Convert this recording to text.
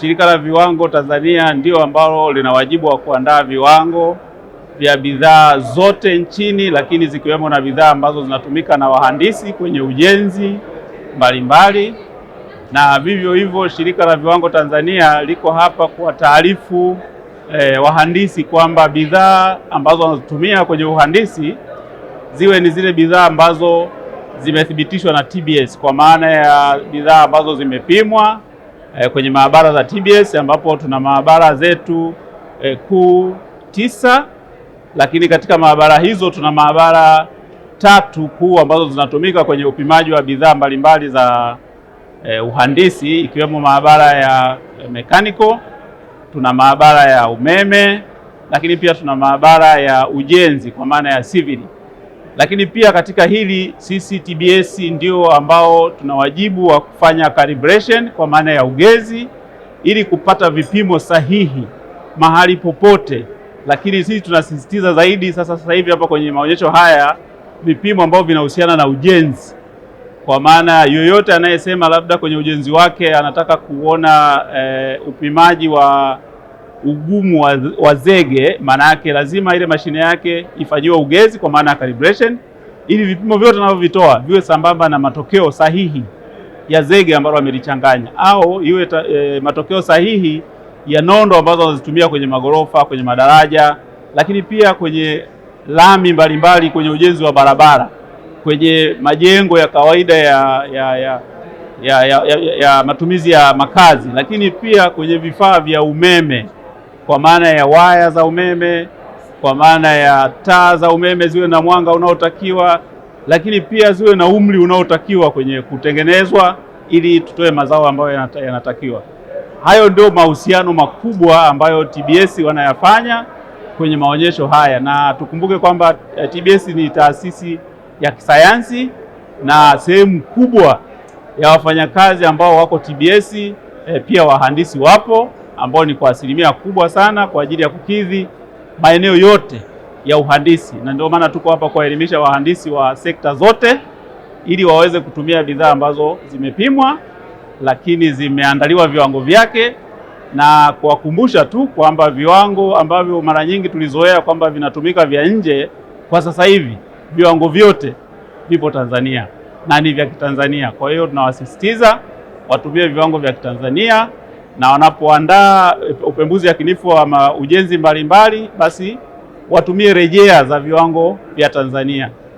Shirika la Viwango Tanzania ndio ambalo lina wajibu wa kuandaa viwango vya bidhaa zote nchini, lakini zikiwemo na bidhaa ambazo zinatumika na wahandisi kwenye ujenzi mbalimbali mbali. Na vivyo hivyo Shirika la Viwango Tanzania liko hapa taarifu eh, wahandisi kwamba bidhaa ambazo wanazotumia kwenye uhandisi ziwe ni zile bidhaa ambazo zimethibitishwa na TBS kwa maana ya bidhaa ambazo zimepimwa eh, kwenye maabara za TBS ambapo tuna maabara zetu eh, kuu tisa, lakini katika maabara hizo tuna maabara tatu kuu ambazo zinatumika kwenye upimaji wa bidhaa mbalimbali za eh, uhandisi ikiwemo maabara ya eh, mechanical, tuna maabara ya umeme, lakini pia tuna maabara ya ujenzi kwa maana ya civil. Lakini pia katika hili sisi TBS ndio ambao tuna wajibu wa kufanya calibration kwa maana ya ugezi ili kupata vipimo sahihi mahali popote, lakini sisi tunasisitiza zaidi sasa, sasa hivi hapa kwenye maonyesho haya vipimo ambavyo vinahusiana na ujenzi, kwa maana yoyote anayesema labda kwenye ujenzi wake anataka kuona eh, upimaji wa ugumu wa, wa zege, maana yake lazima ile mashine yake ifanyiwe ugezi kwa maana ya calibration, ili vipimo vyote tunavyovitoa viwe sambamba na matokeo sahihi ya zege ambalo amelichanganya au iwe e, matokeo sahihi ya nondo ambazo wanazitumia kwenye magorofa, kwenye madaraja, lakini pia kwenye lami mbalimbali mbali, kwenye ujenzi wa barabara, kwenye majengo ya kawaida ya, ya, ya ya, ya, ya, ya matumizi ya makazi, lakini pia kwenye vifaa vya umeme kwa maana ya waya za umeme, kwa maana ya taa za umeme ziwe na mwanga unaotakiwa, lakini pia ziwe na umri unaotakiwa kwenye kutengenezwa ili tutoe mazao ambayo yanatakiwa. Hayo ndio mahusiano makubwa ambayo TBS wanayafanya kwenye maonyesho haya, na tukumbuke kwamba eh, TBS ni taasisi ya kisayansi na sehemu kubwa ya wafanyakazi ambao wako TBS e, eh, pia wahandisi wapo ambao ni kwa asilimia kubwa sana kwa ajili ya kukidhi maeneo yote ya uhandisi, na ndio maana tuko hapa kuwaelimisha wahandisi wa sekta zote ili waweze kutumia bidhaa ambazo zimepimwa lakini zimeandaliwa viwango vyake, na kuwakumbusha tu kwamba viwango ambavyo mara nyingi tulizoea kwamba vinatumika vya nje, kwa sasa hivi viwango vyote vipo Tanzania na ni vya Kitanzania. Kwa hiyo tunawasisitiza watumie viwango vya Kitanzania na wanapoandaa upembuzi yakinifu wa ujenzi mbalimbali mbali, basi watumie rejea za viwango vya Tanzania.